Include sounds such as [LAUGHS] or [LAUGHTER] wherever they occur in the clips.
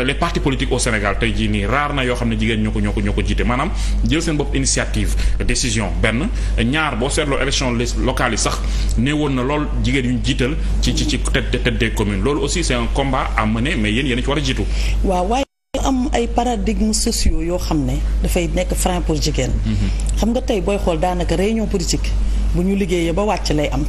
Euh, les partis politiques au Sénégal tey jii nii raar na yoo xam ne jigéen ñoo ko ñoo ko ñoo maanaam jël seen bopp initiative décision benn ñaar boo seetloo élection locale yi sax néewoon na lool jigéen yu ñu jiital ci ci ci tête tête loolu aussi c'est combat à mener mais yéen yéen a ci war a jiitu. waaw waaye am ay paradigmes sociaux yoo xam ne dafay nekk frein pour jigéen. Mm-hmm. xam nga tey booy xool daanaka réunion politique bu ñu liggéeyee ba wàcc lay am.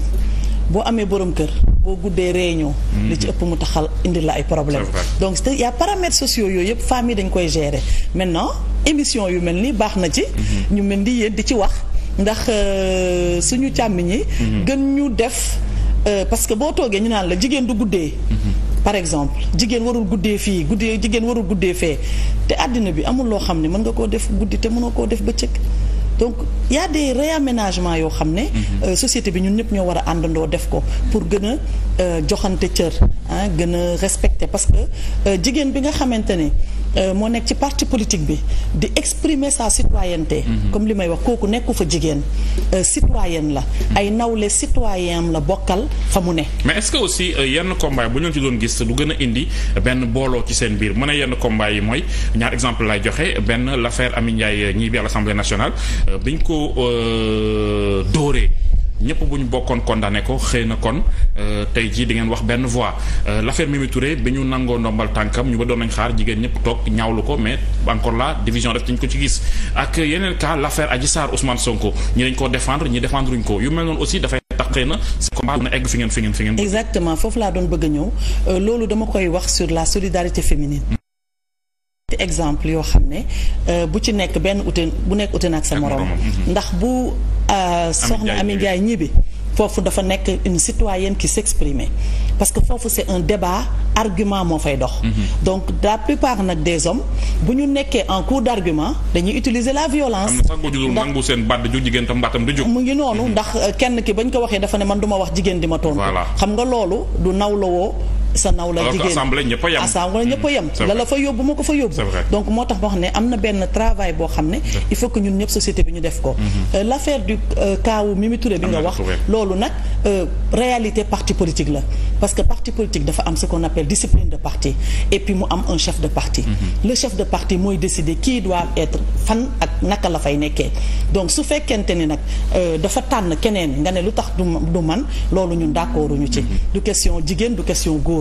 boo amee borom kër boo guddee réunion. Mhm. li ci ëpp mu taxal indi la ay problème donc il y a sociaux yooyu yëpp famille dañ koy gérer maintenant émission yu mel nii baax na ci. Mhm. ñu mel ni yéen di ci wax ndax euh, suñu càmm ñi. Mhm. gën ñu def euh, parce que boo toogee ñu naan la jigéen du guddee. par exemple jigéen warul guddee fii guddee jigéen warul guddee fee te àddina bi amul loo xam ne mën nga koo def guddi te mënoo koo def ba cëkk donc y a des réaménagements yoo xam ne mhm. euh, société bi ñun ñëpp ñoo war a àndandoo def ko pour gën a euh, joxante cër ah gën a respecter parce que euh, jigéen bi nga xamante ne Euh, moo nekk ci parti politique bi di exprimer sa citoyenneté mhm. comme li may wax kooku nekku fa jigéen euh, citoyenne la mhm. ay nawle citoyen la bokkal fa mu ne mais est-ce que aussi euh, yenn combat bu ñu si doon gis lu gën a indi benn booloo ci seen biir mën a yenn combat yi mooy ñaar exemple lay joxe benn l'affaire Amy Ndiaye ñii bi à l'Assemblée nationale biñ ko dóoree ñëpp bu ñu bokkoon condamné ko xëy na kon euh, tey jii di ngeen wax benn voix euh, l'affaire Mimi bi ñu nangoo ndombal tànkam ñu ba doon nañ xaar jigéen ñëpp toog ñaawlu ko mais encore là division def dañ ko ci gis ak yeneen cas l'affaire Adji Sarr Ousmane Sonko ñi dañ ko défendre ñi défendre ñu ko yu mel noonu aussi dafay tax xëy na combat na egg fi ngeen fi ngeen fi ngeen. exactement foofu laa doon bëgg ñëw euh, loolu dama koy wax sur la solidarité féminine. Mm. exemple yoo xam ne bu ci nekk benn ute bu nekk ute na sa moroom mm-hmm. ndax Euh, soxna Amy Ndiaye ñibi foofu dafa nekk une citoyenne qui s'exprime parce que foofu c'est un débat argument moo fay dox mhm. donc la plupart nag des hommes bu ñu nekkee en cours d'argument dañuy utiliser la violence nangu seen baat ju jigéen tam baatam du jóg mu ngi noonu mhm. ndax kenn ki bañ ko waxee dafa ne man duma wax jigéen di ma tontu xam nga loolu du nawlawoo sa naw la jigéen assemblée ñëpp a yem assemblée ñëpp a yem fa yóbbu moo ko fa yóbbu donc moo tax ma wax ne am na benn travail boo xam ne il faut que ñun ñëpp société bi ñu def ko mm-hmm. euh, l'affaire du euh, cas wu mi Touré bi nga wax loolu nag euh, réalité parti politique la parce que parti politique dafa am ce qu'on appelle discipline de parti et puis mu am un chef de parti mm-hmm. le chef de parti mooy décider qui doit être fan ak naka la fay nekkee donc su fekkente ni nag dafa tànn keneen nga ne lu tax du man loolu ñun d'accorduñu ci mm-hmm. du question jigéen du question góor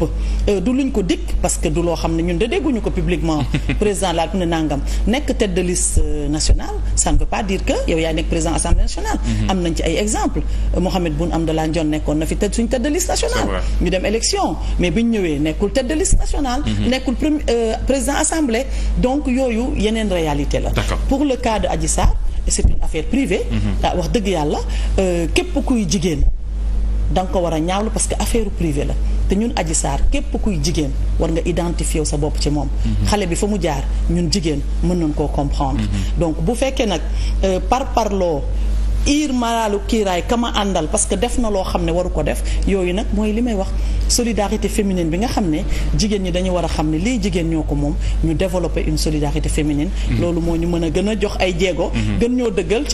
lépp euh, du luñ ko dikk parce que du loo xam ne ñun da dégguñu ko publiquement [LAUGHS] président laal mu ne nangam nekk tête de liste euh, nationale ça ne veut pas dire que yow yaay nekk président assemblée nationale mhm. am nañ ci ay exemple euh, Mohamed Boun Abdallah Dionne nekkoon na fi tête suñ tête de liste nationale ñu dem élection mais biñ ñëwee nekkul tête de liste mhm. nekkul premier président assemblée donc yooyu yeneen réalité la pour le cas de Adji Sarr c'est une affaire privée mhm. ah, wax dëgg yàlla képp kuy jigéen da ko war a ñaawlu parce que affaire privée la te ñun aji Sarr képp kuy jigéen war nga identifier wu sa bopp ci moom. Mhm. xale bi fa mu jaar ñun jigéen mën nañ koo comprendre. Mhm. donc bu fekkee nag euh, par parloo ir maraalu kiiraay kama àndal parce que def na loo xam ne waru ko def yooyu nag mooy li may wax solidarité féminine bi nga xam ne jigéen ñi dañu war a xam ne lii jigéen ñoo ko moom ñu développer une solidarité féminine. Mhm. loolu moo ñu mën a gën a jox ay jéego. ñoo dëggal